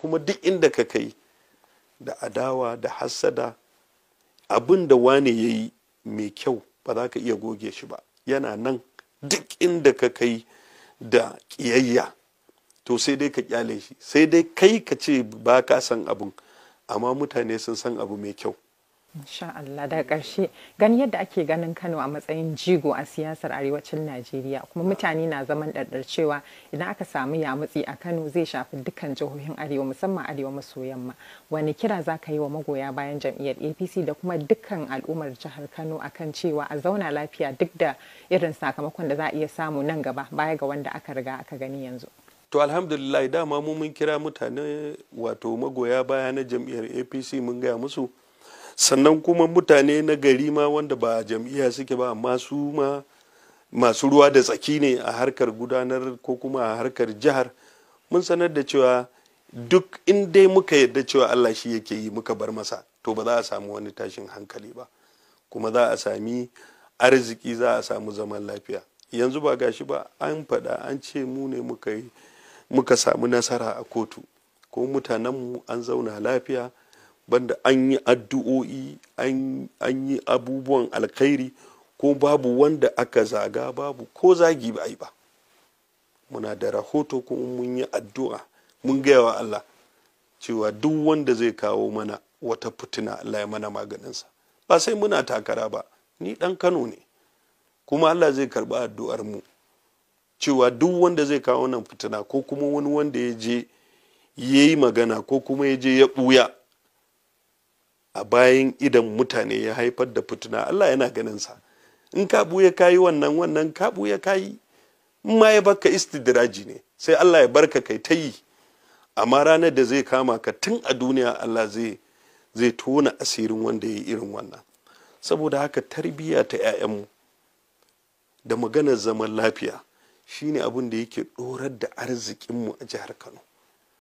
kuma duk inda ka kai da adawa da hassada abin da wane ya yi mai kyau ba za ka iya goge shi ba yana nan duk inda ka kai da ƙiyayya to sai dai ka kyale shi sai dai kai ka ce ba ka san abin amma mutane sun san abu mai kyau Insha Allah daga ƙarshe gani yadda ake ganin Kano a matsayin jigo a siyasar arewacin Najeriya kuma mutane na zaman ɗaɗɗar cewa idan aka samu yamutsi a Kano zai shafi dukkan jihohin arewa musamman arewa maso yamma wani kira za ka yi wa magoya bayan jam'iyyar APC da kuma dukkan al'ummar jihar Kano akan cewa a zauna lafiya duk da irin sakamakon da za a iya samu nan gaba baya ga wanda aka riga aka gani yanzu. to alhamdulillah dama mu mun kira mutane wato magoya baya na jam'iyyar apc mun gaya musu sannan kuma mutane na gari ma wanda ba jam'iyya suke ba amma ma masu ruwa da tsaki ne a harkar gudanar ko kuma a harkar jihar mun sanar da cewa duk in dai muka yadda cewa allah shi yake yi muka bar masa to ba za a samu wani tashin hankali ba kuma za a sami arziki za a samu zaman lafiya yanzu ba gashi ba an faɗa an ce mu ne muka samu nasara a kotu ko mutanenmu an zauna lafiya banda an yi addu'o'i an yi abubuwan alkhairi ko babu wanda aka zaga babu ko zagi ba yi ba muna da rahoto kuma mun yi addu'a mun gaya wa Allah cewa duk wanda zai kawo mana wata fitina Allah ya mana maganinsa ba sai muna takara ba ni dan Kano ne kuma Allah zai karba addu'ar mu cewa duk wanda zai kawo nan fitina ko kuma wani wanda ya je ya magana ko kuma ya je ya buya. a bayan idan mutane ya haifar da fituna Allah yana ganin sa in ka buya kayi wannan wannan ka buya kayi in ma ya baka istidiraji ne sai Allah ya barka kai ta yi amma ranar da zai kama ka tun a duniya Allah zai zai tona asirin wanda ya yi irin wannan saboda haka tarbiyya ta 'ya'yanmu da maganar zaman lafiya shine abin da yake dorar da arzikinmu a jihar Kano